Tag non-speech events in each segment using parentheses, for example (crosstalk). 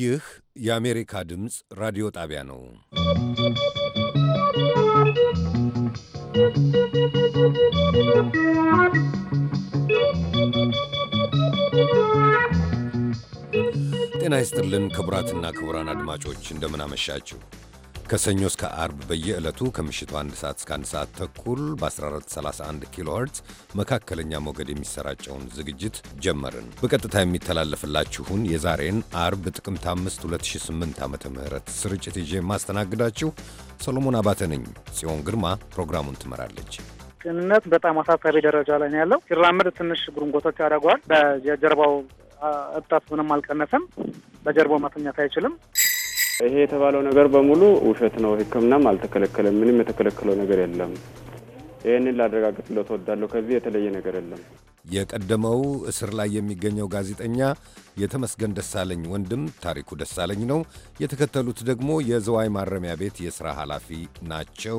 ይህ የአሜሪካ ድምፅ ራዲዮ ጣቢያ ነው። ጤና ይስጥልን ክቡራትና ክቡራን አድማጮች እንደምን አመሻችሁ። ከሰኞ እስከ አርብ በየዕለቱ ከምሽቱ 1 ሰዓት እስከ 1 ሰዓት ተኩል በ1431 ኪሎ ኸርትዝ መካከለኛ ሞገድ የሚሰራጨውን ዝግጅት ጀመርን። በቀጥታ የሚተላለፍላችሁን የዛሬን አርብ ጥቅምት 5 2008 ዓ ም ስርጭት ይዤ የማስተናግዳችሁ ሰሎሞን አባተ ነኝ። ጽዮን ግርማ ፕሮግራሙን ትመራለች። ቅንነት በጣም አሳሳቢ ደረጃ ላይ ነው ያለው። ሲራመድ ትንሽ ጉርንጎቶች ያደርገዋል። በጀርባው እብጣት ምንም አልቀነሰም። በጀርባው መተኛት አይችልም። ይሄ የተባለው ነገር በሙሉ ውሸት ነው። ሕክምናም አልተከለከለም። ምንም የተከለከለው ነገር የለም። ይህንን ላረጋግጥ ለተወዳለሁ። ከዚህ የተለየ ነገር የለም። የቀደመው እስር ላይ የሚገኘው ጋዜጠኛ የተመስገን ደሳለኝ ወንድም ታሪኩ ደሳለኝ ነው። የተከተሉት ደግሞ የዘዋይ ማረሚያ ቤት የሥራ ኃላፊ ናቸው።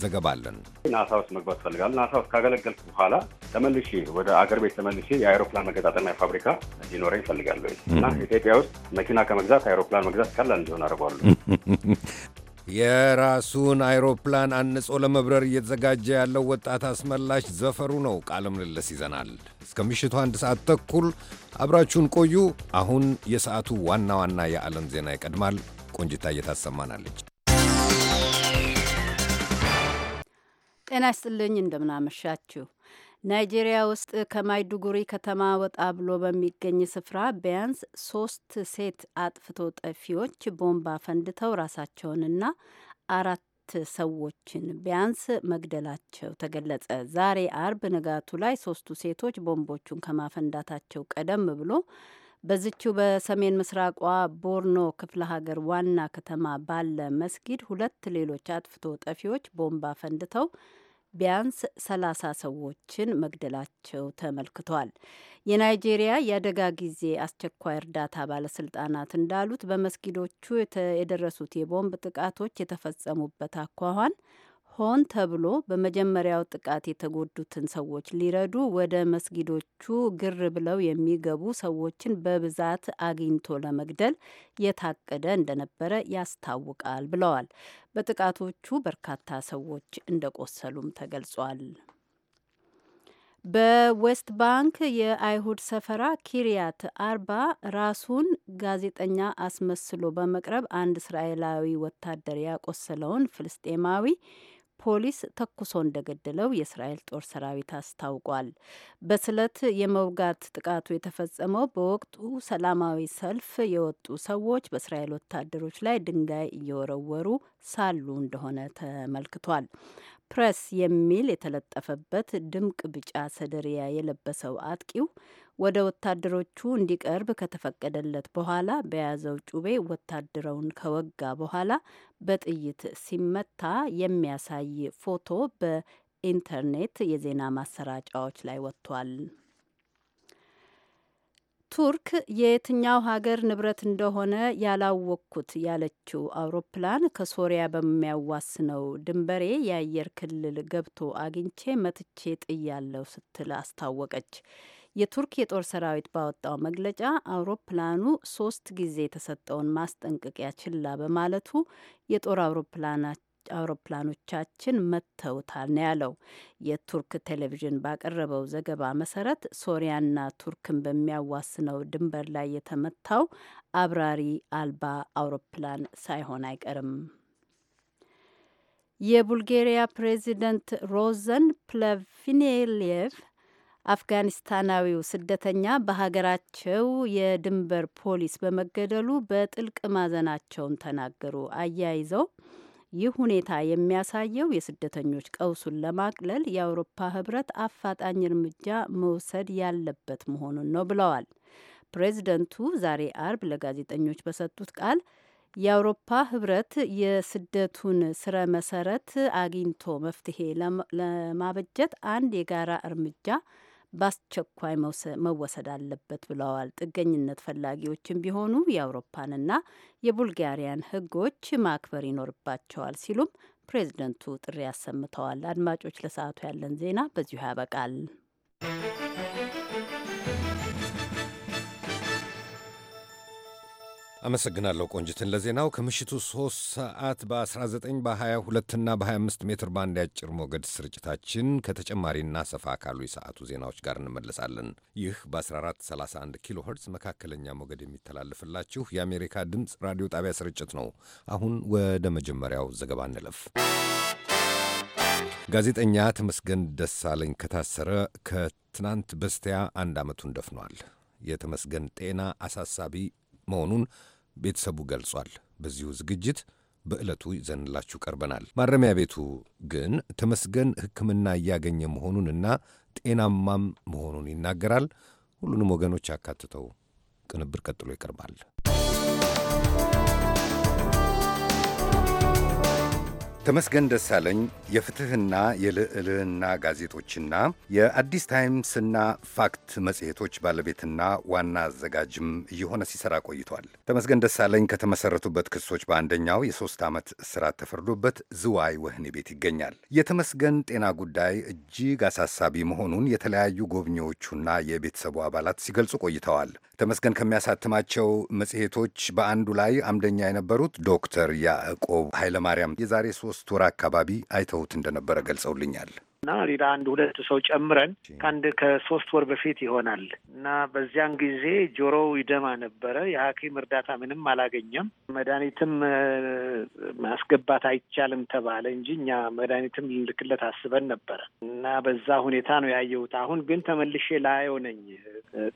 ዘገባ አለን። ናሳ ውስጥ መግባት ፈልጋል። ናሳ ውስጥ ካገለገልኩ በኋላ ተመልሼ ወደ አገር ቤት ተመልሼ የአይሮፕላን መገጣጠሚያ ፋብሪካ ሊኖረኝ እፈልጋለሁ እና ኢትዮጵያ ውስጥ መኪና ከመግዛት አይሮፕላን መግዛት ቀላል እንዲሆን አድርጓሉ። የራሱን አይሮፕላን አንጾ ለመብረር እየተዘጋጀ ያለው ወጣት አስመላሽ ዘፈሩ ነው። ቃለ ምልልስ ይዘናል። እስከ ምሽቱ አንድ ሰዓት ተኩል አብራችሁን ቆዩ። አሁን የሰዓቱ ዋና ዋና የዓለም ዜና ይቀድማል። ቆንጅታ እየታሰማናለች። ጤና ይስጥልኝ፣ እንደምናመሻችሁ። ናይጄሪያ ውስጥ ከማይዱጉሪ ከተማ ወጣ ብሎ በሚገኝ ስፍራ ቢያንስ ሶስት ሴት አጥፍቶ ጠፊዎች ቦምባ ፈንድተው ራሳቸውንና አራት ሰዎችን ቢያንስ መግደላቸው ተገለጸ። ዛሬ አርብ ንጋቱ ላይ ሶስቱ ሴቶች ቦምቦቹን ከማፈንዳታቸው ቀደም ብሎ በዝቹ በሰሜን ምስራቋ ቦርኖ ክፍለ ሀገር ዋና ከተማ ባለ መስጊድ ሁለት ሌሎች አጥፍቶ ጠፊዎች ቦምባ ፈንድተው ቢያንስ ሰላሳ ሰዎችን መግደላቸው ተመልክቷል። የናይጄሪያ የአደጋ ጊዜ አስቸኳይ እርዳታ ባለስልጣናት እንዳሉት በመስጊዶቹ የደረሱት የቦምብ ጥቃቶች የተፈጸሙበት አኳኋን ሆን ተብሎ በመጀመሪያው ጥቃት የተጎዱትን ሰዎች ሊረዱ ወደ መስጊዶቹ ግር ብለው የሚገቡ ሰዎችን በብዛት አግኝቶ ለመግደል የታቀደ እንደነበረ ያስታውቃል ብለዋል። በጥቃቶቹ በርካታ ሰዎች እንደቆሰሉም ተገልጿል። በዌስት ባንክ የአይሁድ ሰፈራ ኪሪያት አርባ ራሱን ጋዜጠኛ አስመስሎ በመቅረብ አንድ እስራኤላዊ ወታደር ያቆሰለውን ፍልስጤማዊ ፖሊስ ተኩሶ እንደገደለው የእስራኤል ጦር ሰራዊት አስታውቋል። በስለት የመውጋት ጥቃቱ የተፈጸመው በወቅቱ ሰላማዊ ሰልፍ የወጡ ሰዎች በእስራኤል ወታደሮች ላይ ድንጋይ እየወረወሩ ሳሉ እንደሆነ ተመልክቷል። ፕሬስ የሚል የተለጠፈበት ድምቅ ቢጫ ሰደሪያ የለበሰው አጥቂው ወደ ወታደሮቹ እንዲቀርብ ከተፈቀደለት በኋላ በያዘው ጩቤ ወታደረውን ከወጋ በኋላ በጥይት ሲመታ የሚያሳይ ፎቶ በኢንተርኔት የዜና ማሰራጫዎች ላይ ወጥቷል። ቱርክ የየትኛው ሀገር ንብረት እንደሆነ ያላወቅኩት ያለችው አውሮፕላን ከሶሪያ በሚያዋስነው ድንበሬ የአየር ክልል ገብቶ አግኝቼ መትቼ ጥያለው ስትል አስታወቀች። የቱርክ የጦር ሰራዊት ባወጣው መግለጫ አውሮፕላኑ ሶስት ጊዜ የተሰጠውን ማስጠንቀቂያ ችላ በማለቱ የጦር አውሮፕላኖቻችን መተውታል ነው ያለው። የቱርክ ቴሌቪዥን ባቀረበው ዘገባ መሰረት ሶሪያና ቱርክን በሚያዋስነው ድንበር ላይ የተመታው አብራሪ አልባ አውሮፕላን ሳይሆን አይቀርም። የቡልጌሪያ ፕሬዚደንት ሮዘን ፕለቪኔሌቭ አፍጋኒስታናዊው ስደተኛ በሀገራቸው የድንበር ፖሊስ በመገደሉ በጥልቅ ማዘናቸውን ተናገሩ። አያይዘው ይህ ሁኔታ የሚያሳየው የስደተኞች ቀውሱን ለማቅለል የአውሮፓ ህብረት አፋጣኝ እርምጃ መውሰድ ያለበት መሆኑን ነው ብለዋል። ፕሬዚደንቱ ዛሬ አርብ ለጋዜጠኞች በሰጡት ቃል የአውሮፓ ህብረት የስደቱን ስረ መሰረት አግኝቶ መፍትሄ ለማበጀት አንድ የጋራ እርምጃ በአስቸኳይ መወሰድ አለበት ብለዋል። ጥገኝነት ፈላጊዎችም ቢሆኑ የአውሮፓንና የቡልጋሪያን ሕጎች ማክበር ይኖርባቸዋል ሲሉም ፕሬዝደንቱ ጥሪ አሰምተዋል። አድማጮች፣ ለሰዓቱ ያለን ዜና በዚሁ ያበቃል። አመሰግናለሁ ቆንጅትን ለዜናው። ከምሽቱ 3 ሰዓት በ19 በ22 እና በ25 ሜትር ባንድ ያጭር ሞገድ ስርጭታችን ከተጨማሪና ሰፋ ካሉ የሰዓቱ ዜናዎች ጋር እንመለሳለን። ይህ በ1431 ኪሎ ኸርትዝ መካከለኛ ሞገድ የሚተላልፍላችሁ የአሜሪካ ድምፅ ራዲዮ ጣቢያ ስርጭት ነው። አሁን ወደ መጀመሪያው ዘገባ እንለፍ። ጋዜጠኛ ተመስገን ደሳለኝ ከታሰረ ከትናንት በስቲያ አንድ ዓመቱን ደፍኗል። የተመስገን ጤና አሳሳቢ መሆኑን ቤተሰቡ ገልጿል። በዚሁ ዝግጅት በዕለቱ ይዘንላችሁ ቀርበናል። ማረሚያ ቤቱ ግን ተመስገን ሕክምና እያገኘ መሆኑንና ጤናማም መሆኑን ይናገራል። ሁሉንም ወገኖች ያካትተው ቅንብር ቀጥሎ ይቀርባል። ተመስገን ደሳለኝ የፍትህና የልዕልና ጋዜጦችና የአዲስ ታይምስና ፋክት መጽሔቶች ባለቤትና ዋና አዘጋጅም እየሆነ ሲሰራ ቆይቷል። ተመስገን ደሳለኝ ከተመሰረቱበት ክሶች በአንደኛው የሶስት ዓመት እስራት ተፈርዶበት ዝዋይ ወህኒ ቤት ይገኛል። የተመስገን ጤና ጉዳይ እጅግ አሳሳቢ መሆኑን የተለያዩ ጎብኚዎቹና የቤተሰቡ አባላት ሲገልጹ ቆይተዋል። ተመስገን ከሚያሳትማቸው መጽሔቶች በአንዱ ላይ አምደኛ የነበሩት ዶክተር ያዕቆብ ኃይለማርያም የዛሬ ሶስት ሶስት ወር አካባቢ አይተውት እንደነበረ ገልጸውልኛል። እና ሌላ አንድ ሁለት ሰው ጨምረን ከአንድ ከሶስት ወር በፊት ይሆናል እና በዚያን ጊዜ ጆሮው ይደማ ነበረ። የሐኪም እርዳታ ምንም አላገኘም። መድኃኒትም ማስገባት አይቻልም ተባለ እንጂ እኛ መድኃኒትም ልልክለት አስበን ነበረ እና በዛ ሁኔታ ነው ያየሁት። አሁን ግን ተመልሼ ላየው ነኝ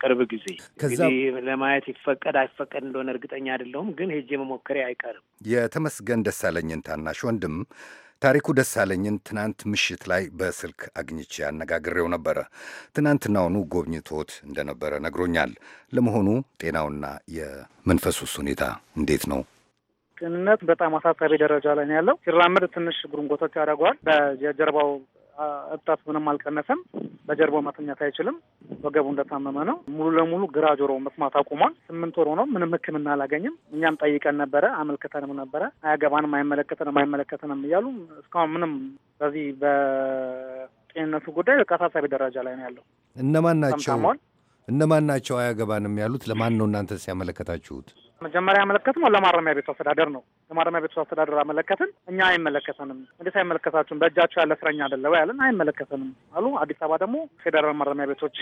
ቅርብ ጊዜ እንግዲህ ለማየት ይፈቀድ አይፈቀድ እንደሆነ እርግጠኛ አይደለሁም፣ ግን ሄጄ መሞከሬ አይቀርም። የተመስገን ደሳለኝን ታናሽ ወንድም ታሪኩ ደሳለኝን ትናንት ምሽት ላይ በስልክ አግኝቼ አነጋግሬው ነበረ። ትናንትናውኑ ጎብኝቶት እንደነበረ ነግሮኛል። ለመሆኑ ጤናውና የመንፈሱስ ሁኔታ እንዴት ነው? ጤንነት በጣም አሳሳቢ ደረጃ ላይ ነው ያለው። ሲራመድ ትንሽ ጉርንጎቶች ያደርገዋል። በጀርባው እብጠት ምንም አልቀነሰም። በጀርባው መተኛት አይችልም። ወገቡ እንደታመመ ነው። ሙሉ ለሙሉ ግራ ጆሮ መስማት አቁሟል። ስምንት ወር ሆኖ ምንም ሕክምና አላገኝም። እኛም ጠይቀን ነበረ፣ አመልክተንም ነበረ። አያገባንም፣ አይመለከተንም፣ አይመለከተንም እያሉ እስካሁን ምንም በዚህ በጤንነቱ ጉዳይ በቃ አሳሳቢ ደረጃ ላይ ነው ያለው። እነማን ናቸው እነማን ናቸው አያገባንም ያሉት? ለማን ነው እናንተ ሲያመለከታችሁት? መጀመሪያ ያመለከትነው ለማረሚያ ቤቱ አስተዳደር ነው። ለማረሚያ ቤቱ አስተዳደር አመለከትን። እኛ አይመለከተንም፣ እንዴት አይመለከታችሁም? በእጃቸው ያለ እስረኛ አይደለ ወይ ያለን፣ አይመለከተንም አሉ። አዲስ አበባ ደግሞ ፌዴራል ማረሚያ ቤቶች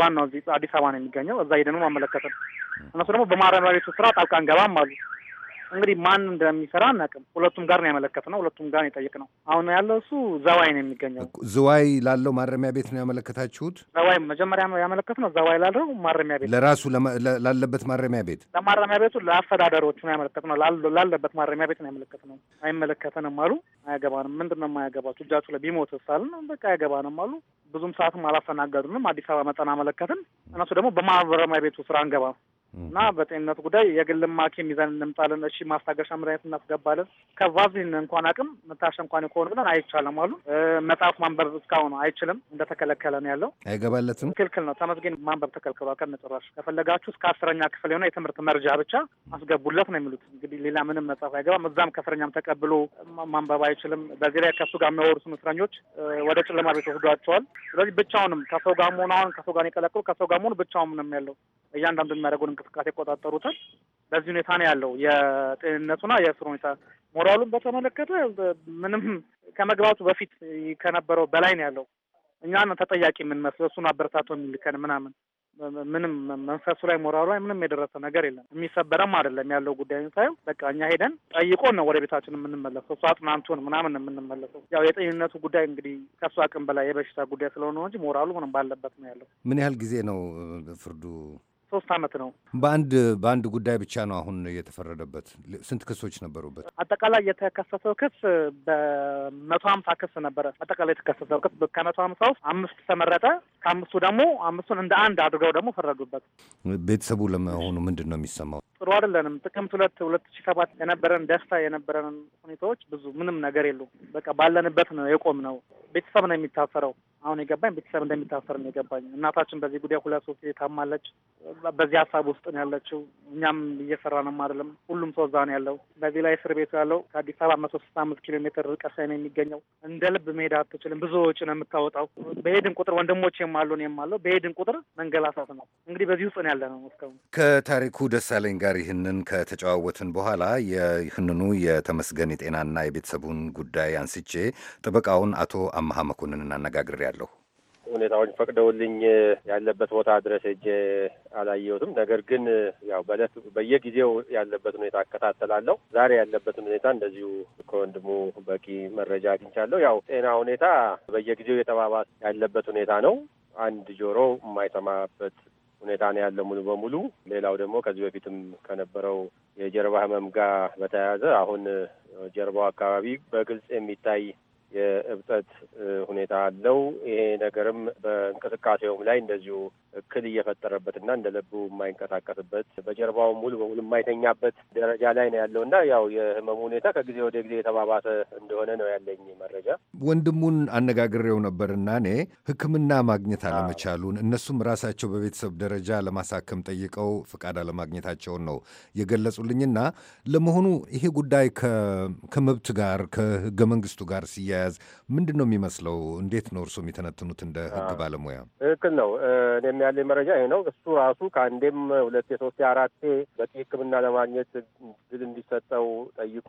ዋናው እዚህ አዲስ አበባ ነው የሚገኘው። እዛ ሄደን አመለከትን። እነሱ ደግሞ በማረሚያ ቤቱ ስራ ጣልቃ እንገባም አሉ። እንግዲህ ማን እንደሚሰራ አናውቅም። ሁለቱም ጋር ነው ያመለከትነው፣ ሁለቱም ጋር ነው የጠየቅነው። አሁን ያለው እሱ ዘዋይ ነው የሚገኘው። ዝዋይ ላለው ማረሚያ ቤት ነው ያመለከታችሁት? ዘዋይ መጀመሪያ ያመለከትነው ዘዋይ ላለው ማረሚያ ቤት፣ ለራሱ ላለበት ማረሚያ ቤት፣ ለማረሚያ ቤቱ ለአስተዳደሮቹ ነው ያመለከትነው። ላለበት ማረሚያ ቤት ነው ያመለከትነው። አይመለከተንም አሉ። አያገባንም። ምንድን ነው የማያገባችሁ? እጃችሁ ላይ ቢሞት አልን። በቃ አያገባንም አሉ። ብዙም ሰዓትም አላስተናገዱንም። አዲስ አበባ መጠን አመለከትን። እነሱ ደግሞ በማረሚያ ቤቱ ስራ አንገባም እና በጤንነት ጉዳይ የግልም ሐኪም ይዘን እንምጣለን። እሺ ማስታገሻ መድኃኒት እናስገባለን። ከቫዚን እንኳን አቅም መታሻ እንኳን ከሆኑ ብለን አይቻልም አሉ። መጽሐፍ ማንበብ እስካሁን አይችልም፣ እንደተከለከለ ነው ያለው። አይገባለትም፣ ክልክል ነው። ተመስገን ማንበብ ተከልክሏል። ከነጭራሽ ከፈለጋችሁ እስከ አስረኛ ክፍል የሆነ የትምህርት መርጃ ብቻ አስገቡለት ነው የሚሉት። እንግዲህ ሌላ ምንም መጽሐፍ አይገባም። እዛም ከእስረኛም ተቀብሎ ማንበብ አይችልም። በዚህ ላይ ከሱ ጋር የሚያወሩትን እስረኞች ወደ ጨለማ ቤት ወስዷቸዋል። ስለዚህ ብቻውንም ከሰው ጋር መሆን አሁን ከሰው ጋር የቀለቀሉ ከሰው ጋር መሆኑ ብቻውንም ነው ያለው እያንዳንዱ የሚያደርገውን እንቅስቃሴ ይቆጣጠሩታል። በዚህ ሁኔታ ነው ያለው። የጤንነቱና የእስር ሁኔታ ሞራሉን በተመለከተ ምንም ከመግባቱ በፊት ከነበረው በላይ ነው ያለው። እኛን ተጠያቂ የምንመስለው እሱን አበረታቶ የሚልከን ምናምን ምንም መንፈሱ ላይ ሞራሉ ላይ ምንም የደረሰ ነገር የለም። የሚሰበረም አይደለም ያለው ጉዳይ ሳየው፣ በቃ እኛ ሄደን ጠይቆ ነው ወደ ቤታችን የምንመለሰው። እሱ አጥናንቱን ምናምን የምንመለሰው። ያው የጤንነቱ ጉዳይ እንግዲህ ከሱ አቅም በላይ የበሽታ ጉዳይ ስለሆነ እንጂ ሞራሉ ምንም ባለበት ነው ያለው። ምን ያህል ጊዜ ነው ፍርዱ ሶስት አመት ነው። በአንድ በአንድ ጉዳይ ብቻ ነው አሁን የተፈረደበት። ስንት ክሶች ነበሩበት? አጠቃላይ የተከሰሰው ክስ በመቶ ሀምሳ ክስ ነበረ። አጠቃላይ የተከሰሰው ክስ ከመቶ ሀምሳ ውስጥ አምስት ተመረጠ። ከአምስቱ ደግሞ አምስቱን እንደ አንድ አድርገው ደግሞ ፈረዱበት። ቤተሰቡ ለመሆኑ ምንድን ነው የሚሰማው? ጥሩ አይደለንም። ጥቅምት ሁለት ሁለት ሺ ሰባት የነበረን ደስታ የነበረን ሁኔታዎች ብዙ ምንም ነገር የሉም። በቃ ባለንበት ነው የቆም ነው። ቤተሰብ ነው የሚታሰረው። አሁን የገባኝ ቤተሰብ እንደሚታሰር ነው የገባኝ። እናታችን በዚህ ጉዳይ ሁለት ሶስት ጊዜ ታማለች። በዚህ ሀሳብ ውስጥ ነው ያለችው። እኛም እየሰራ ነው አይደለም። ሁሉም ሰው እዛ ነው ያለው። በዚህ ላይ እስር ቤቱ ያለው ከአዲስ አበባ መቶ ስልሳ አምስት ኪሎ ሜትር ርቀት ላይ ነው የሚገኘው። እንደ ልብ መሄድ አትችልም። ብዙ ወጪ ነው የምታወጣው። በሄድን ቁጥር ወንድሞች አሉ እኔም አለው። በሄድን ቁጥር መንገላሳት ነው። እንግዲህ በዚህ ውስጥ ነው ያለ ነው እስካሁን ከታሪኩ ደሳለኝ ጋር ጋር ይህንን ከተጨዋወትን በኋላ ይህንኑ የተመስገን የጤናና የቤተሰቡን ጉዳይ አንስቼ ጥበቃውን አቶ አመሀ መኮንንን አነጋግሬያለሁ። ሁኔታዎች ፈቅደውልኝ ያለበት ቦታ ድረስ ሄጄ አላየሁትም። ነገር ግን ያው በለት በየጊዜው ያለበት ሁኔታ አከታተላለሁ። ዛሬ ያለበትን ሁኔታ እንደዚሁ ከወንድሙ በቂ መረጃ አግኝቻለሁ። ያው ጤና ሁኔታ በየጊዜው የተባባሰ ያለበት ሁኔታ ነው። አንድ ጆሮ የማይሰማበት ሁኔታ ነው ያለ ሙሉ በሙሉ። ሌላው ደግሞ ከዚህ በፊትም ከነበረው የጀርባ ህመም ጋር በተያያዘ አሁን ጀርባው አካባቢ በግልጽ የሚታይ የእብጠት ሁኔታ አለው። ይሄ ነገርም በእንቅስቃሴውም ላይ እንደዚሁ እክል እየፈጠረበትና እንደ ልቡ የማይንቀሳቀስበት በጀርባው ሙሉ በሙሉ የማይተኛበት ደረጃ ላይ ነው ያለው እና ያው የህመሙ ሁኔታ ከጊዜ ወደ ጊዜ የተባባሰ እንደሆነ ነው ያለኝ መረጃ። ወንድሙን አነጋግሬው ነበር እና እኔ ሕክምና ማግኘት አለመቻሉን እነሱም ራሳቸው በቤተሰብ ደረጃ ለማሳከም ጠይቀው ፍቃድ አለማግኘታቸውን ነው የገለጹልኝና ለመሆኑ ይሄ ጉዳይ ከመብት ጋር ከህገ መንግስቱ ጋር ሲያ አያያዝ ምንድን ነው የሚመስለው? እንዴት ነው እርሱ የሚተነትኑት እንደ ህግ ባለሙያ? ትክክል ነው። እኔም ያለኝ መረጃ ይሄ ነው። እሱ ራሱ ከአንዴም ሁለቴ፣ ሶስቴ፣ አራቴ በቂ ህክምና ለማግኘት ድል እንዲሰጠው ጠይቆ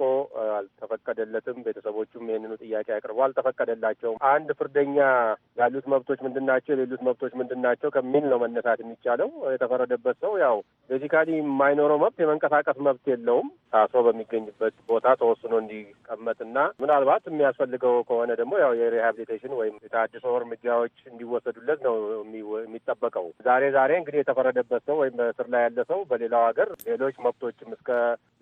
አልተፈቀደለትም። ቤተሰቦቹም ይህንኑ ጥያቄ አቅርቦ አልተፈቀደላቸውም። አንድ ፍርደኛ ያሉት መብቶች ምንድን ናቸው፣ የሌሉት መብቶች ምንድን ናቸው ከሚል ነው መነሳት የሚቻለው። የተፈረደበት ሰው ያው ቤዚካሊ የማይኖረው መብት የመንቀሳቀስ መብት የለውም ታስሮ በሚገኝበት ቦታ ተወስኖ እንዲቀመጥና ምናልባት የሚያስፈልገው ከሆነ ደግሞ ያው የሪሃብሊቴሽን ወይም የታድሶ እርምጃዎች እንዲወሰዱለት ነው የሚጠበቀው። ዛሬ ዛሬ እንግዲህ የተፈረደበት ሰው ወይም በስር ላይ ያለ ሰው በሌላው ሀገር ሌሎች መብቶችም እስከ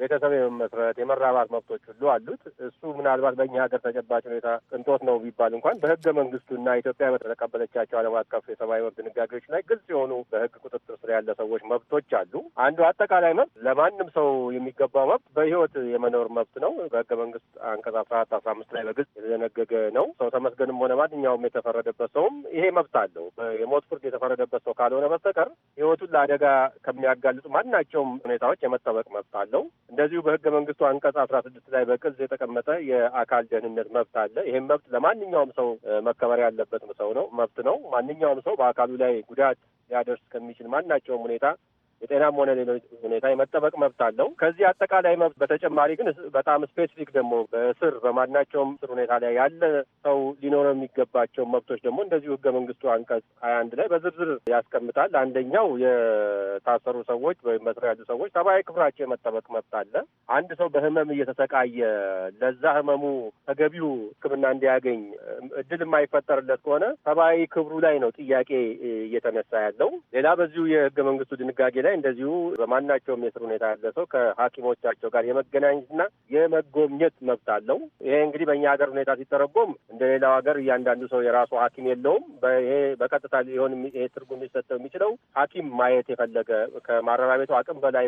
ቤተሰብ የመመስረት የመራባት መብቶች ሁሉ አሉት። እሱ ምናልባት በእኛ ሀገር ተጨባጭ ሁኔታ ቅንጦት ነው ቢባል እንኳን በህገ መንግስቱና ኢትዮጵያ በተቀበለቻቸው ዓለም አቀፍ የሰብአዊ መብት ድንጋጌዎች ላይ ግልጽ የሆኑ በህግ ቁጥጥር ስር ያለ ሰዎች መብቶች አሉ። አንዱ አጠቃላይ መብት ለማንም ሰው የሚገባው መብት በህይወት የመኖር መብት ነው። በህገ መንግስት አንቀጽ አስራ አራት አስራ አምስት ላይ በግልጽ የተዘነ እየተደነገገ ነው። ሰው ተመስገንም ሆነ ማንኛውም የተፈረደበት ሰውም ይሄ መብት አለው። የሞት ፍርድ የተፈረደበት ሰው ካልሆነ በስተቀር ህይወቱን ለአደጋ ከሚያጋልጡ ማናቸውም ሁኔታዎች የመጠበቅ መብት አለው። እንደዚሁ በህገ መንግስቱ አንቀጽ አስራ ስድስት ላይ በቅጽ የተቀመጠ የአካል ደህንነት መብት አለ። ይህም መብት ለማንኛውም ሰው መከበር ያለበት ሰው ነው መብት ነው። ማንኛውም ሰው በአካሉ ላይ ጉዳት ሊያደርስ ከሚችል ማናቸውም ሁኔታ የጤናም ሆነ ሌሎች ሁኔታ የመጠበቅ መብት አለው። ከዚህ አጠቃላይ መብት በተጨማሪ ግን በጣም ስፔሲፊክ ደግሞ በእስር በማናቸውም እስር ሁኔታ ላይ ያለ ሰው ሊኖረው የሚገባቸው መብቶች ደግሞ እንደዚሁ ህገ መንግስቱ አንቀጽ ሀያ አንድ ላይ በዝርዝር ያስቀምጣል። አንደኛው የታሰሩ ሰዎች ወይም በእስር ያሉ ሰዎች ሰብአዊ ክብራቸው የመጠበቅ መብት አለ። አንድ ሰው በህመም እየተሰቃየ ለዛ ህመሙ ተገቢው ሕክምና እንዲያገኝ እድል የማይፈጠርለት ከሆነ ሰብአዊ ክብሩ ላይ ነው ጥያቄ እየተነሳ ያለው። ሌላ በዚሁ የህገ መንግስቱ ድንጋጌ ላይ ላይ እንደዚሁ በማናቸውም የስር ሁኔታ ያለ ሰው ከሐኪሞቻቸው ጋር የመገናኘትና የመጎብኘት መብት አለው። ይሄ እንግዲህ በእኛ ሀገር ሁኔታ ሲተረጎም እንደ ሌላው ሀገር እያንዳንዱ ሰው የራሱ ሐኪም የለውም። ይሄ በቀጥታ ሊሆን ይሄ ትርጉም ሊሰጠው የሚችለው ሐኪም ማየት የፈለገ ከማረሚያ ቤቱ አቅም በላይ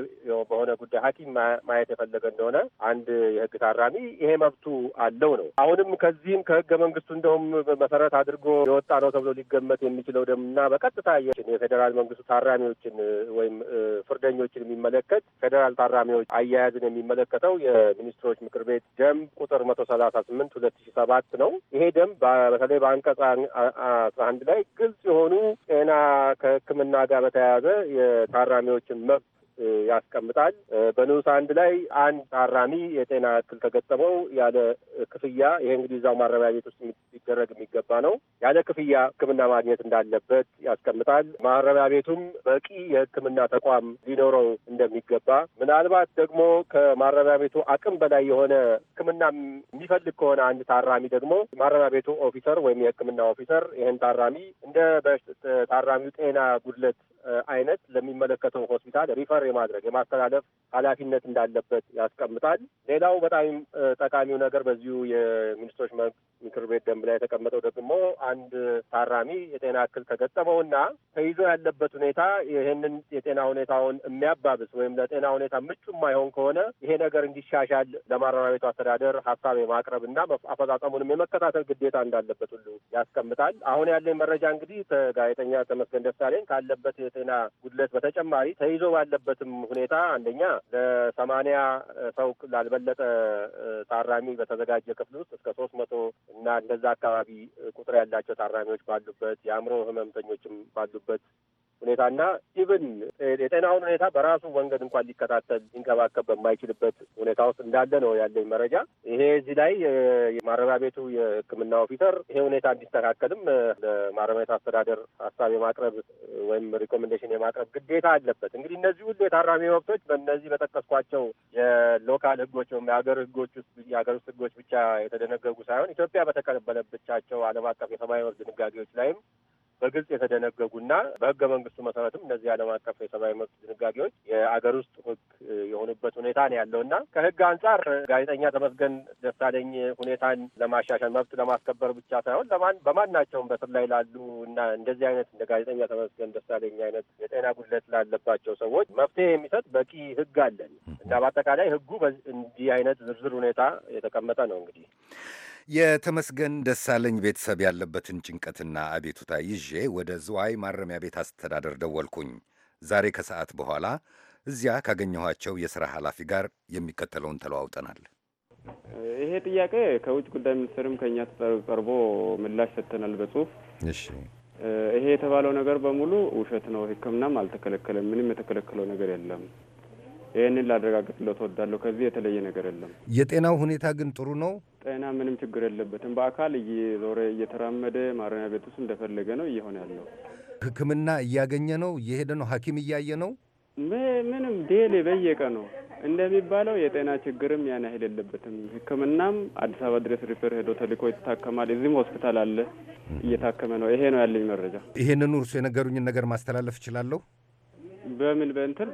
በሆነ ጉዳይ ሐኪም ማየት የፈለገ እንደሆነ አንድ የህግ ታራሚ ይሄ መብቱ አለው ነው። አሁንም ከዚህም ከህገ መንግስቱ እንደውም መሰረት አድርጎ የወጣ ነው ተብሎ ሊገመት የሚችለው ደምና በቀጥታ የፌዴራል መንግስቱ ታራሚዎችን ወይም ፍርደኞችን የሚመለከት ፌዴራል ታራሚዎች አያያዝን የሚመለከተው የሚኒስትሮች ምክር ቤት ደንብ ቁጥር መቶ ሰላሳ ስምንት ሁለት ሺ ሰባት ነው። ይሄ ደንብ በተለይ በአንቀጽ አስራ አንድ ላይ ግልጽ የሆኑ ጤና ከሕክምና ጋር በተያያዘ የታራሚዎችን መብት ያስቀምጣል። በንዑስ አንድ ላይ አንድ ታራሚ የጤና እክል ተገጠመው ያለ ክፍያ ይሄ እንግዲህ እዛው ማረሚያ ቤት ውስጥ ሊደረግ የሚገባ ነው። ያለ ክፍያ ሕክምና ማግኘት እንዳለበት ያስቀምጣል። ማረሚያ ቤቱም በቂ የሕክምና ተቋም ሊኖረው እንደሚገባ ምናልባት ደግሞ ከማረሚያ ቤቱ አቅም በላይ የሆነ ሕክምና የሚፈልግ ከሆነ አንድ ታራሚ ደግሞ ማረሚያ ቤቱ ኦፊሰር ወይም የሕክምና ኦፊሰር ይህን ታራሚ እንደ ታራሚው ጤና ጉድለት አይነት ለሚመለከተው ሆስፒታል ሪፈር የማድረግ የማስተላለፍ ኃላፊነት እንዳለበት ያስቀምጣል። ሌላው በጣም ጠቃሚው ነገር በዚሁ የሚኒስትሮች ምክር ቤት ደንብ ላይ የተቀመጠው ደግሞ አንድ ታራሚ የጤና እክል ከገጠመውና ተይዞ ያለበት ሁኔታ ይህንን የጤና ሁኔታውን የሚያባብስ ወይም ለጤና ሁኔታ ምቹ የማይሆን ከሆነ ይሄ ነገር እንዲሻሻል ለማረሚያ ቤቱ አስተዳደር ሀሳብ የማቅረብ እና አፈጻጸሙንም የመከታተል ግዴታ እንዳለበት ሁሉ ያስቀምጣል። አሁን ያለኝ መረጃ እንግዲህ ከጋዜጠኛ ተመስገን ደሳለኝ ካለበት የጤና ጉድለት በተጨማሪ ተይዞ ባለበትም ሁኔታ አንደኛ ለሰማንያ ሰው ላልበለጠ ታራሚ በተዘጋጀ ክፍል ውስጥ እስከ ሶስት መቶ እና እንደዛ አካባቢ ቁጥር ያላቸው ታራሚዎች ባሉበት የአእምሮ ህመምተኞችም ባሉበት ሁኔታና ኢቭን የጤናውን ሁኔታ በራሱ መንገድ እንኳን ሊከታተል ሊንከባከብ በማይችልበት ሁኔታ ውስጥ እንዳለ ነው ያለኝ መረጃ። ይሄ እዚህ ላይ የማረሚያ ቤቱ የሕክምና ኦፊሰር ይሄ ሁኔታ እንዲስተካከልም ለማረሚያ ቤት አስተዳደር ሀሳብ የማቅረብ ወይም ሪኮሜንዴሽን የማቅረብ ግዴታ አለበት። እንግዲህ እነዚህ ሁሉ የታራሚ መብቶች በእነዚህ በጠቀስኳቸው የሎካል ሕጎች ወይም የሀገር ሕጎች ውስጥ የሀገር ውስጥ ሕጎች ብቻ የተደነገጉ ሳይሆን ኢትዮጵያ በተቀበለብቻቸው ዓለም አቀፍ የሰብአዊ መብት ድንጋጌዎች ላይም በግልጽ የተደነገጉና በህገ መንግስቱ መሰረትም እነዚህ ዓለም አቀፍ የሰብአዊ መብት ድንጋጌዎች የአገር ውስጥ ህግ የሆኑበት ሁኔታ ነው ያለው እና ከህግ አንጻር ጋዜጠኛ ተመስገን ደሳለኝ ሁኔታን ለማሻሻል መብት ለማስከበር ብቻ ሳይሆን ለማን በማናቸውም በስር ላይ ላሉ እና እንደዚህ አይነት እንደ ጋዜጠኛ ተመስገን ደሳለኝ አይነት የጤና ጉድለት ላለባቸው ሰዎች መፍትሄ የሚሰጥ በቂ ህግ አለን እና በአጠቃላይ ህጉ እንዲህ አይነት ዝርዝር ሁኔታ የተቀመጠ ነው እንግዲህ የተመስገን ደሳለኝ ቤተሰብ ያለበትን ጭንቀትና አቤቱታ ይዤ ወደ ዝዋይ ማረሚያ ቤት አስተዳደር ደወልኩኝ። ዛሬ ከሰዓት በኋላ እዚያ ካገኘኋቸው የሥራ ኃላፊ ጋር የሚከተለውን ተለዋውጠናል። ይሄ ጥያቄ ከውጭ ጉዳይ ሚኒስትርም ከእኛ ቀርቦ ምላሽ ሰጥተናል በጽሁፍ። እሺ ይሄ የተባለው ነገር በሙሉ ውሸት ነው። ሕክምናም አልተከለከለም። ምንም የተከለከለው ነገር የለም። ይህንን ላረጋግጥለት እወዳለሁ። ከዚህ የተለየ ነገር የለም። የጤናው ሁኔታ ግን ጥሩ ነው። ጤና ምንም ችግር የለበትም። በአካል እየዞረ እየተራመደ ማረሚያ ቤት ውስጥ እንደፈለገ ነው እየሆነ ያለው። ሕክምና እያገኘ ነው እየሄደ ነው። ሐኪም እያየ ነው። ምንም ዴሌ በየቀ ነው እንደሚባለው የጤና ችግርም ያን ያህል የለበትም። ሕክምናም አዲስ አበባ ድረስ ሪፌር ሄዶ ተልኮ ይታከማል። እዚህም ሆስፒታል አለ እየታከመ ነው። ይሄ ነው ያለኝ መረጃ። ይሄንኑ እርሱ የነገሩኝን ነገር ማስተላለፍ እችላለሁ። በምን በእንትን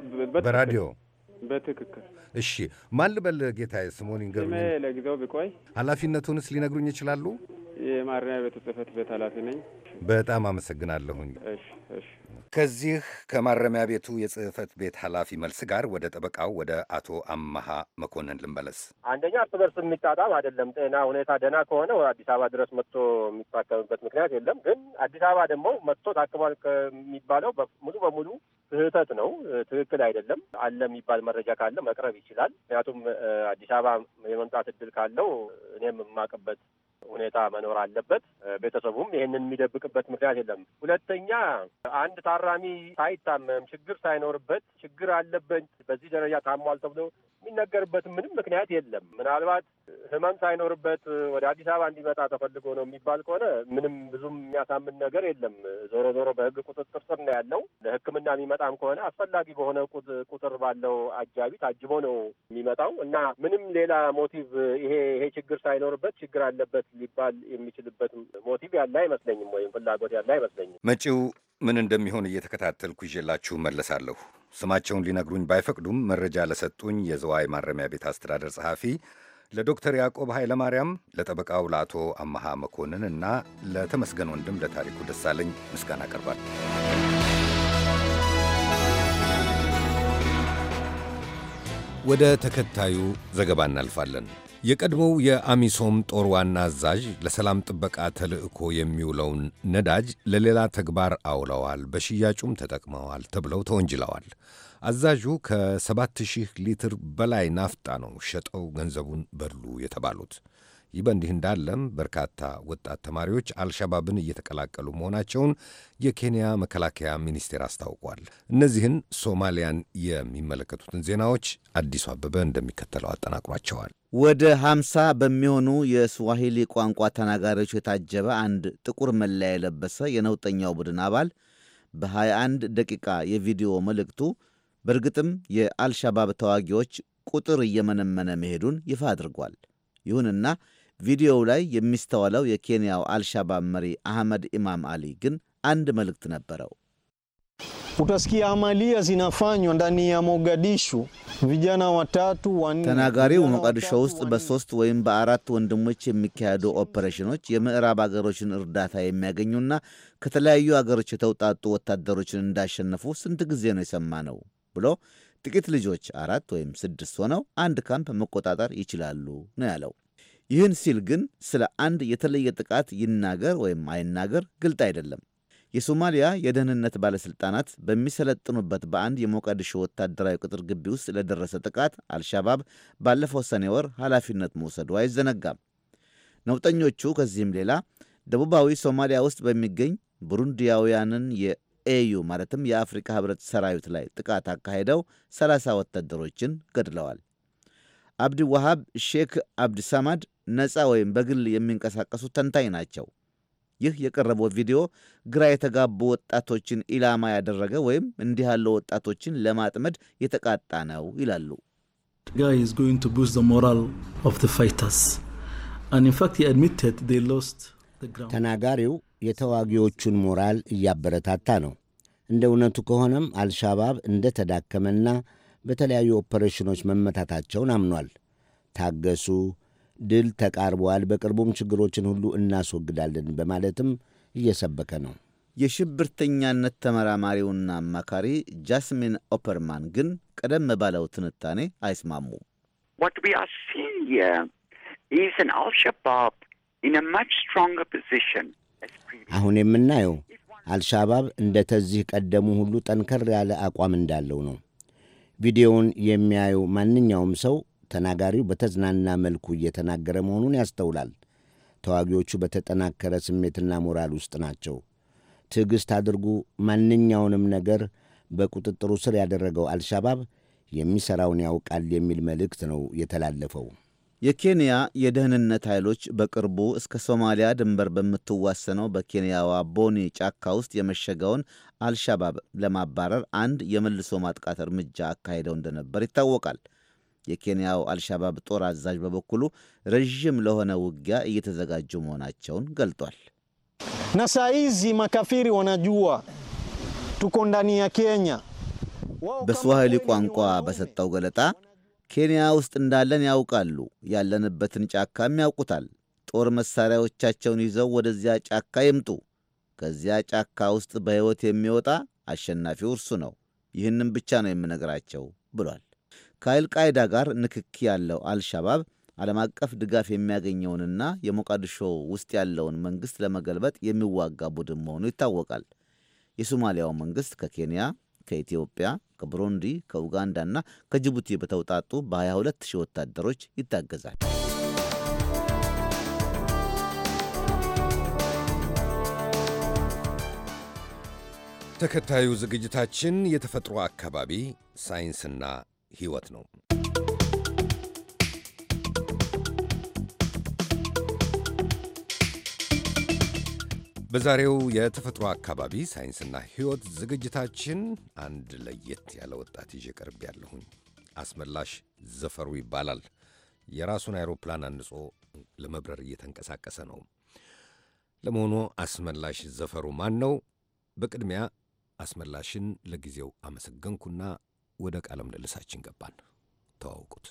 በራዲዮ በትክክል እሺ። ማን ልበል ጌታዬ? ስሞን ይንገሩኝ። ለጊዜው ብቆይ ሀላፊነቱንስ ሊነግሩኝ ይችላሉ? የማረሚያ ቤቱ ጽህፈት ቤት ኃላፊ ነኝ። በጣም አመሰግናለሁኝ። ከዚህ ከማረሚያ ቤቱ የጽህፈት ቤት ኃላፊ መልስ ጋር ወደ ጠበቃው ወደ አቶ አመሃ መኮንን ልንመለስ። አንደኛ እርስ በርስ የሚጣጣም አይደለም። ጤና ሁኔታ ደህና ከሆነ አዲስ አበባ ድረስ መጥቶ የሚታከምበት ምክንያት የለም። ግን አዲስ አበባ ደግሞ መጥቶ ታክሟል ከሚባለው ሙሉ በሙሉ ስህተት ነው። ትክክል አይደለም። አለ የሚባል መረጃ ካለ መቅረብ ይችላል። ምክንያቱም አዲስ አበባ የመምጣት እድል ካለው እኔም የማቅበት ሁኔታ መኖር አለበት። ቤተሰቡም ይህንን የሚደብቅበት ምክንያት የለም። ሁለተኛ አንድ ታራሚ ሳይታመም ችግር ሳይኖርበት ችግር አለበት በዚህ ደረጃ ታሟል ተብሎ የሚነገርበት ምንም ምክንያት የለም። ምናልባት ህመም ሳይኖርበት ወደ አዲስ አበባ እንዲመጣ ተፈልጎ ነው የሚባል ከሆነ ምንም ብዙም የሚያሳምን ነገር የለም። ዞሮ ዞሮ በህግ ቁጥጥር ስር ነው ያለው። ለህክምና የሚመጣም ከሆነ አስፈላጊ በሆነ ቁጥር ባለው አጃቢ ታጅቦ ነው የሚመጣው እና ምንም ሌላ ሞቲቭ ይሄ ይሄ ችግር ሳይኖርበት ችግር አለበት ሊባል የሚችልበት ሞቲቭ ያለ አይመስለኝም፣ ወይም ፍላጎት ያለ አይመስለኝም። መጪው ምን እንደሚሆን እየተከታተልኩ ይዤላችሁ መለሳለሁ። ስማቸውን ሊነግሩኝ ባይፈቅዱም መረጃ ለሰጡኝ የዘዋይ ማረሚያ ቤት አስተዳደር ጸሐፊ ለዶክተር ያዕቆብ ኃይለማርያም፣ ለጠበቃው ለአቶ አመሃ መኮንን እና ለተመስገን ወንድም ለታሪኩ ደሳለኝ ምስጋና ቀርባል። ወደ ተከታዩ ዘገባ እናልፋለን። የቀድሞው የአሚሶም ጦር ዋና አዛዥ ለሰላም ጥበቃ ተልዕኮ የሚውለውን ነዳጅ ለሌላ ተግባር አውለዋል፣ በሽያጩም ተጠቅመዋል ተብለው ተወንጅለዋል። አዛዡ ከ ሺህ ሊትር በላይ ናፍጣ ነው ሸጠው ገንዘቡን በሉ የተባሉት። ይህ በእንዲህ እንዳለም በርካታ ወጣት ተማሪዎች አልሻባብን እየተቀላቀሉ መሆናቸውን የኬንያ መከላከያ ሚኒስቴር አስታውቋል። እነዚህን ሶማሊያን የሚመለከቱትን ዜናዎች አዲሱ አበበ እንደሚከተለው አጠናቅሯቸዋል። ወደ 50 በሚሆኑ የስዋሂሊ ቋንቋ ተናጋሪዎች የታጀበ አንድ ጥቁር መለያ የለበሰ የነውጠኛው ቡድን አባል በ21 ደቂቃ የቪዲዮ መልእክቱ በእርግጥም የአልሻባብ ተዋጊዎች ቁጥር እየመነመነ መሄዱን ይፋ አድርጓል። ይሁንና ቪዲዮው ላይ የሚስተዋለው የኬንያው አልሻባብ መሪ አህመድ ኢማም አሊ ግን አንድ መልእክት ነበረው። Utasikia amalia zinafanywa ndani ya Mogadishu vijana watatu wanne ተናጋሪው ሞቃዲሾ ውስጥ በሶስት ወይም በአራት ወንድሞች የሚካሄዱ ኦፐሬሽኖች የምዕራብ አገሮችን እርዳታ የሚያገኙና ከተለያዩ አገሮች የተውጣጡ ወታደሮችን እንዳሸነፉ ስንት ጊዜ ነው የሰማ ነው ብሎ ጥቂት ልጆች አራት ወይም ስድስት ሆነው አንድ ካምፕ መቆጣጠር ይችላሉ ነው ያለው። ይህን ሲል ግን ስለ አንድ የተለየ ጥቃት ይናገር ወይም አይናገር ግልጥ አይደለም። የሶማሊያ የደህንነት ባለሥልጣናት በሚሰለጥኑበት በአንድ የሞቃዲሾ ወታደራዊ ቅጥር ግቢ ውስጥ ለደረሰ ጥቃት አልሻባብ ባለፈው ሰኔ ወር ኃላፊነት መውሰዱ አይዘነጋም። ነውጠኞቹ ከዚህም ሌላ ደቡባዊ ሶማሊያ ውስጥ በሚገኝ ቡሩንዲያውያንን የኤዩ ማለትም የአፍሪካ ህብረት ሰራዊት ላይ ጥቃት አካሄደው 30 ወታደሮችን ገድለዋል። አብዲ ዋሃብ ሼክ አብዲ ሰማድ ነፃ ወይም በግል የሚንቀሳቀሱ ተንታኝ ናቸው። ይህ የቀረበው ቪዲዮ ግራ የተጋቡ ወጣቶችን ኢላማ ያደረገ ወይም እንዲህ ያለው ወጣቶችን ለማጥመድ የተቃጣ ነው ይላሉ። ተናጋሪው የተዋጊዎቹን ሞራል እያበረታታ ነው። እንደ እውነቱ ከሆነም አልሻባብ እንደ ተዳከመና በተለያዩ ኦፐሬሽኖች መመታታቸውን አምኗል። ታገሱ ድል ተቃርቧል፣ በቅርቡም ችግሮችን ሁሉ እናስወግዳለን በማለትም እየሰበከ ነው። የሽብርተኛነት ተመራማሪውና አማካሪ ጃስሚን ኦፐርማን ግን ቀደም ባለው ትንታኔ አይስማሙም። አሁን የምናየው አልሻባብ እንደ ተዚህ ቀደሙ ሁሉ ጠንከር ያለ አቋም እንዳለው ነው። ቪዲዮውን የሚያዩ ማንኛውም ሰው ተናጋሪው በተዝናና መልኩ እየተናገረ መሆኑን ያስተውላል። ተዋጊዎቹ በተጠናከረ ስሜትና ሞራል ውስጥ ናቸው። ትዕግሥት አድርጉ። ማንኛውንም ነገር በቁጥጥሩ ስር ያደረገው አልሻባብ የሚሠራውን ያውቃል የሚል መልእክት ነው የተላለፈው። የኬንያ የደህንነት ኃይሎች በቅርቡ እስከ ሶማሊያ ድንበር በምትዋሰነው በኬንያዋ ቦኒ ጫካ ውስጥ የመሸገውን አልሻባብ ለማባረር አንድ የመልሶ ማጥቃት እርምጃ አካሂደው እንደነበር ይታወቃል። የኬንያው አልሻባብ ጦር አዛዥ በበኩሉ ረዥም ለሆነ ውጊያ እየተዘጋጁ መሆናቸውን ገልጧል። ናሳይዚ ማካፊሪ ወናጁዋ makafiri wanajua tuko በስዋሂሊ ቋንቋ በሰጠው ገለጣ ኬንያ ውስጥ እንዳለን ያውቃሉ፣ ያለንበትን ጫካም ያውቁታል። ጦር መሣሪያዎቻቸውን ይዘው ወደዚያ ጫካ ይምጡ። ከዚያ ጫካ ውስጥ በሕይወት የሚወጣ አሸናፊው እርሱ ነው። ይህንም ብቻ ነው የምነግራቸው ብሏል። ከአልቃይዳ ጋር ንክኪ ያለው አልሻባብ ዓለም አቀፍ ድጋፍ የሚያገኘውንና የሞቃዲሾ ውስጥ ያለውን መንግሥት ለመገልበጥ የሚዋጋ ቡድን መሆኑ ይታወቃል። የሶማሊያው መንግሥት ከኬንያ፣ ከኢትዮጵያ፣ ከቡሩንዲ፣ ከኡጋንዳና ከጅቡቲ በተውጣጡ በ22 ሺህ ወታደሮች ይታገዛል። ተከታዩ ዝግጅታችን የተፈጥሮ አካባቢ ሳይንስና ህይወት ነው። በዛሬው የተፈጥሮ አካባቢ ሳይንስና ህይወት ዝግጅታችን አንድ ለየት ያለ ወጣት ይዤ ቀርብ ያለሁኝ አስመላሽ ዘፈሩ ይባላል። የራሱን አይሮፕላን አንጾ ለመብረር እየተንቀሳቀሰ ነው። ለመሆኑ አስመላሽ ዘፈሩ ማን ነው? በቅድሚያ አስመላሽን ለጊዜው አመሰገንኩና ወደ ቃለ ምልልሳችን ገባን። ተዋውቁት።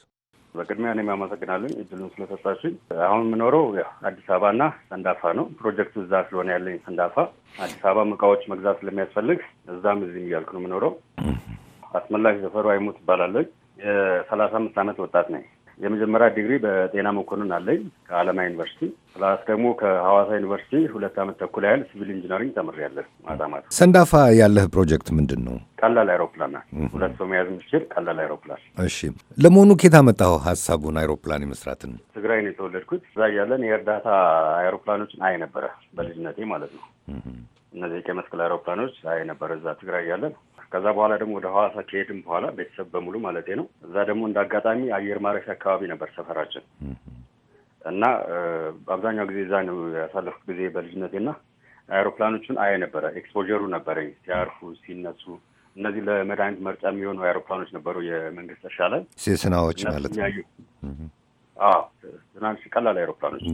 በቅድሚያ እኔም አመሰግናለኝ እድሉን ስለሰጣችኝ። አሁን የምኖረው አዲስ አበባ አበባና ሰንዳፋ ነው። ፕሮጀክቱ እዛ ስለሆነ ያለኝ ሰንዳፋ። አዲስ አበባ እቃዎች መግዛት ስለሚያስፈልግ እዛም እዚህም እያልኩ ነው የምኖረው። አስመላሽ ዘፈሩ አይሙት ይባላለኝ። የሰላሳ አምስት አመት ወጣት ነኝ። የመጀመሪያ ዲግሪ በጤና መኮንን አለኝ ከአለማ ዩኒቨርሲቲ ፕላስ ደግሞ ከሐዋሳ ዩኒቨርሲቲ ሁለት ዓመት ተኩል ያህል ሲቪል ኢንጂነሪንግ ተምሬያለሁ። ማታማት ሰንዳፋ ያለህ ፕሮጀክት ምንድን ነው? ቀላል አይሮፕላን ናት። ሁለት ሰው መያዝ የምትችል ቀላል አይሮፕላን። እሺ፣ ለመሆኑ ኬት አመጣኸው ሀሳቡን አይሮፕላን የመስራትን? ትግራይ ነው የተወለድኩት። እዛ እያለን የእርዳታ አይሮፕላኖችን አይ ነበረ፣ በልጅነቴ ማለት ነው። እነዚህ የቀይ መስቀል አይሮፕላኖች አይ ነበረ እዛ ትግራይ እያለን ከዛ በኋላ ደግሞ ወደ ሐዋሳ ከሄድም በኋላ ቤተሰብ በሙሉ ማለቴ ነው። እዛ ደግሞ እንደ አጋጣሚ አየር ማረፊያ አካባቢ ነበር ሰፈራችን እና አብዛኛው ጊዜ እዛ ነው ያሳለፍኩት ጊዜ በልጅነቴና አውሮፕላኖቹን አየ ነበረ። ኤክስፖጀሩ ነበረኝ። ሲያርፉ፣ ሲነሱ እነዚህ ለመድኃኒት መርጫ የሚሆኑ አይሮፕላኖች ነበሩ። የመንግስት እርሻ ላይ ሴስናዎች ማለት ነው። ትናንሽ ቀላል አይሮፕላኖች።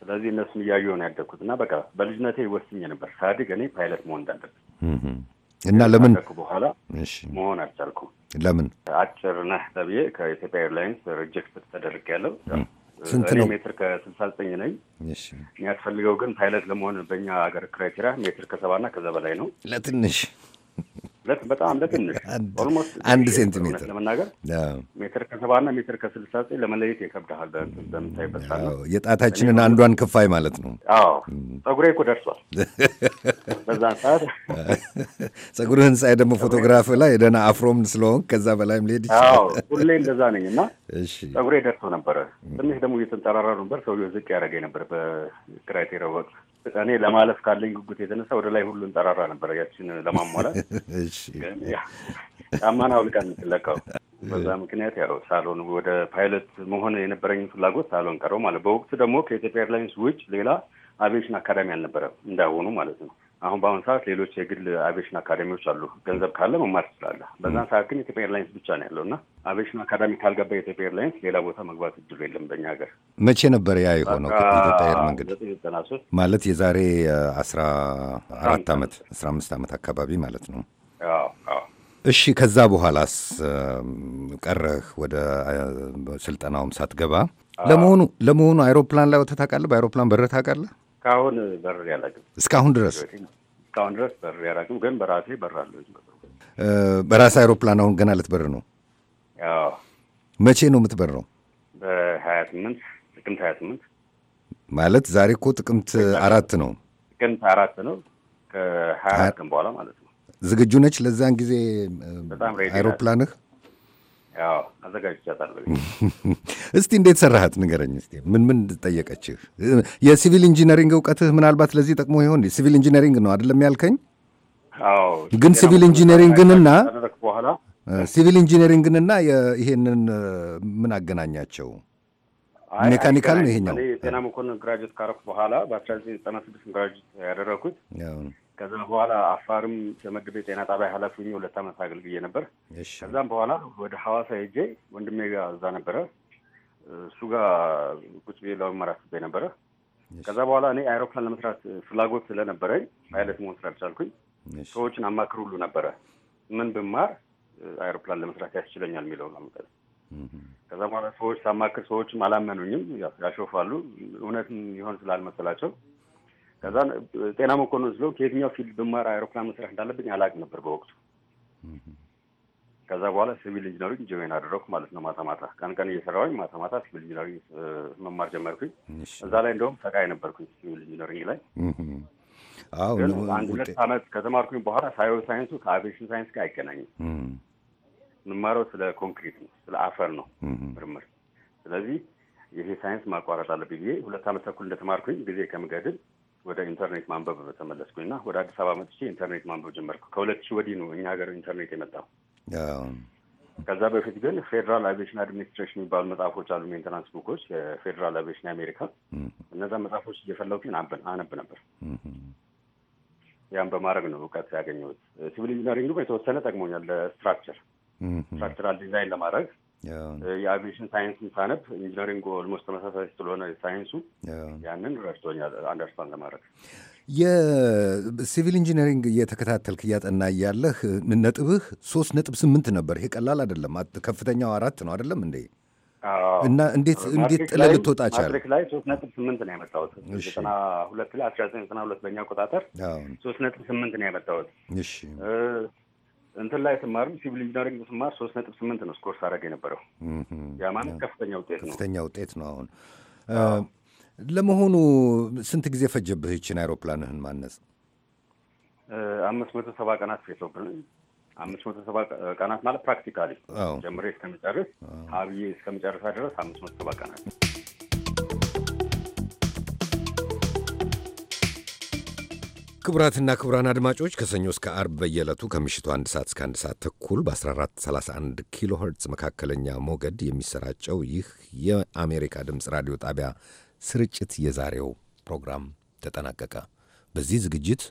ስለዚህ እነሱን እያዩ ነው ያደግኩት እና በቃ በልጅነቴ ወስኜ ነበር ሳድግ እኔ ፓይለት መሆን እንዳለብኝ እና ለምን በኋላ መሆን አልቻልኩም። ለምን አጭር ነህ ተብዬ ከኢትዮጵያ ኤርላይንስ ሪጀክት ተደርግ ስንት ነው? ሜትር ከስልሳ ዘጠኝ ነኝ። የሚያስፈልገው ግን ፓይለት ለመሆን በእኛ ሀገር ክራይቴሪያ ሜትር ከሰባና ከዛ በላይ ነው። ለትንሽ በጣም ለትንሽ (laughs) አንድ ሴንቲሜትር ለመናገር ሜትር ከሰባና ሜትር ከስልሳ ዘጠኝ ለመለየት የከብድሃል። በምታይበት የጣታችንን አንዷን ክፋይ ማለት ነው። አዎ ጸጉሬ እኮ ደርሷል (laughs) በዛን ሰዓት። ጸጉር (laughs) ሳይ ደግሞ ፎቶግራፍ ላይ ደህና አፍሮም ስለሆን ከዛ በላይም ሊሄድ ይችላል። ሁሌ እንደዛ ነኝ እና ጸጉሬ ደርሶ ነበረ። ትንሽ ደግሞ እየተንጠራራ ነበር ሰውዬው ዝቅ ያደረገ ነበር በክራይቴሪያ ወቅት እኔ ለማለፍ ካለኝ ጉጉት የተነሳ ወደ ላይ ሁሉን ጠራራ ነበረ ያችን ለማሟላት (laughs) ጫማን አውልቃ የምትለቀው በዛ ምክንያት ያው ሳሎን ወደ ፓይለት መሆን የነበረኝ ፍላጎት ሳሎን ቀረው ማለት በወቅቱ ደግሞ ከኢትዮጵያ ኤርላይንስ ውጭ ሌላ አቪዬሽን አካዳሚ አልነበረም እንዳይሆኑ ማለት ነው አሁን በአሁኑ ሰዓት ሌሎች የግል አቪዬሽን አካዳሚዎች አሉ። ገንዘብ ካለ መማር ትችላለህ። በዛን ሰዓት ግን ኢትዮጵያ ኤርላይንስ ብቻ ነው ያለው እና አቪዬሽን አካዳሚ ካልገባ የኢትዮጵያ ኤርላይንስ ሌላ ቦታ መግባት እድሉ የለም። በእኛ ሀገር መቼ ነበር ያ የሆነው? ኢትዮጵያ አየር መንገድ ማለት የዛሬ አስራ አራት ዓመት አስራ አምስት ዓመት አካባቢ ማለት ነው። እሺ ከዛ በኋላስ ቀረህ? ወደ ስልጠናውም ሳትገባ ለመሆኑ ለመሆኑ አይሮፕላን ላይ ወተህ ታውቃለህ? በአይሮፕላን በረህ ታውቃለህ? እስካሁን በር ያላቅም። እስካሁን ድረስ እስካሁን ድረስ በር ያላቅም፣ ግን በራሴ በር በራሴ አይሮፕላን አሁን ገና ልትበር ነው። መቼ ነው የምትበረው? በሀያ ስምንት ጥቅምት ሀያ ስምንት ማለት ዛሬ እኮ ጥቅምት አራት ነው። ጥቅምት አራት ነው። ከሀያ አራት ቀን በኋላ ማለት ነው። ዝግጁ ነች ለዛን ጊዜ አይሮፕላንህ? አዘጋጅቻታለሁ። (laughs) እስቲ እንዴት ሰራሃት ንገረኝ። እስቲ ምን ምን ጠየቀችህ? የሲቪል ኢንጂነሪንግ እውቀትህ ምናልባት ለዚህ ጠቅሞ ይሆን? ሲቪል ኢንጂነሪንግ ነው አይደለም ያልከኝ? ግን ሲቪል ኢንጂነሪንግንና ሲቪል ኢንጂነሪንግንና ይሄንን ምን አገናኛቸው? ሜካኒካል ነው ይሄኛው። የጤና መኮንን ግራጁዌት ካረኩ በኋላ በ1996 ግራጅት ያደረኩት ከዛ በኋላ አፋርም ዘመድ ቤት ጤና ጣቢያ ኃላፊ ሁለት ዓመት አገልግዬ ነበር። ከዛም በኋላ ወደ ሐዋሳ ሄጄ ወንድሜ ጋር እዛ ነበረ እሱ ጋር ቁጭ ብዬ ለመማር አስቤ ነበረ። ከዛ በኋላ እኔ አይሮፕላን ለመስራት ፍላጎት ስለነበረኝ ፓይለት መሆን ስላልቻልኩኝ ሰዎችን አማክር ሁሉ ነበረ ምን ብማር አይሮፕላን ለመስራት ያስችለኛል የሚለው አመጠ ከዛ በኋላ ሰዎች ሳማክር ሰዎችም አላመኑኝም፣ ያሾፋሉ እውነትም ይሆን ስላልመሰላቸው ከዛ ጤና መኮንን ስለው ከየትኛው ፊልድ ብማር አይሮፕላን መስራት እንዳለብኝ አላቅ ነበር በወቅቱ። ከዛ በኋላ ሲቪል ኢንጂነሪንግ ጆይን አደረኩ ማለት ነው። ማታ ማታ ቀን ቀን እየሰራሁኝ ማታ ማታ ሲቪል ኢንጂነሪንግ መማር ጀመርኩኝ። እዛ ላይ እንደውም ሰቃይ ነበርኩኝ ሲቪል ኢንጂነሪንግ ላይ። ግን አንድ ሁለት ዓመት ከተማርኩኝ በኋላ ሳዮ ሳይንሱ ከአቪዬሽን ሳይንስ ጋር አይገናኝም። የምማረው ስለ ኮንክሪት ነው፣ ስለ አፈር ነው ምርምር። ስለዚህ ይሄ ሳይንስ ማቋረጥ አለብኝ ብዬ ሁለት ዓመት ተኩል እንደተማርኩኝ ጊዜ ከምገድል ወደ ኢንተርኔት ማንበብ እና ወደ አዲስ አበባ መጥቼ ኢንተርኔት ማንበብ ጀመርኩ። ከሁለት ሺህ ወዲህ ነው እኛ ሀገር ኢንተርኔት የመጣው። ከዛ በፊት ግን ፌዴራል አቪዬሽን አድሚኒስትሬሽን የሚባሉ መጽሐፎች አሉ፣ ሜንተናንስ ቡኮች የፌዴራል አቪዬሽን የአሜሪካ እነዛ መጽሐፎች እየፈለኩኝ አነብ ነበር። ያን በማድረግ ነው እውቀት ያገኘሁት። ሲቪል ኢንጂነሪንግ ደግሞ የተወሰነ ጠቅሞኛል። ለስትራክቸር ስትራክቸራል ዲዛይን ለማድረግ የአቪዬሽን ሳይንስን ሳነብ ኢንጂነሪንግ ኦልሞስት ተመሳሳይ ስለሆነ ሳይንሱ ያንን ረድቶኛል አንደርስታንድ ለማድረግ። የሲቪል ኢንጂነሪንግ እየተከታተልክ እያጠና እያለህ ነጥብህ ሶስት ነጥብ ስምንት ነበር። ይሄ ቀላል አይደለም። ከፍተኛው አራት ነው አይደለም እንዴ? እና እንዴት እንዴት ጥለህ ልትወጣ ቻለ? ማትሪክ ላይ ሶስት ነጥብ ስምንት ነው ያመጣሁት ዘጠና ሁለት ላይ አስራ ዘጠኝ ዘጠና ሁለት በእኛ አቆጣጠር ሶስት ነጥብ ስምንት ነው ያመጣሁት። እንትን ላይ ስማርም ሲቪል ኢንጂነሪንግ ስማር ሶስት ነጥብ ስምንት ነው ስኮርስ አደረገ የነበረው። ያ ማለት ከፍተኛ ውጤት ነው። ከፍተኛ ውጤት ነው። አሁን ለመሆኑ ስንት ጊዜ ፈጀብህ ይችን አይሮፕላንህን ማነጽ? አምስት መቶ ሰባ ቀናት ፌሶብን አምስት መቶ ሰባ ቀናት ማለት ፕራክቲካሊ ጀምሬ እስከመጨርስ ሀብዬ እስከሚጨርሳ ድረስ አምስት መቶ ሰባ ቀናት ክቡራትና ክቡራን አድማጮች ከሰኞ እስከ አርብ በየዕለቱ ከምሽቱ አንድ ሰዓት እስከ አንድ ሰዓት ተኩል በ1431 ኪሎ ኸርትዝ መካከለኛ ሞገድ የሚሰራጨው ይህ የአሜሪካ ድምፅ ራዲዮ ጣቢያ ስርጭት የዛሬው ፕሮግራም ተጠናቀቀ። በዚህ ዝግጅት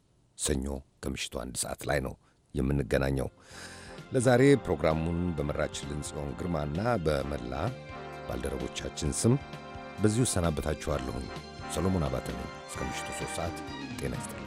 ሰኞ ከምሽቱ አንድ ሰዓት ላይ ነው የምንገናኘው። ለዛሬ ፕሮግራሙን በመራችልን ጽዮን ግርማና በመላ ባልደረቦቻችን ስም በዚሁ እሰናበታችኋለሁኝ። ሰሎሞን አባተ ነኝ። እስከ ምሽቱ ሶስት ሰዓት ጤና ይስጥልኝ።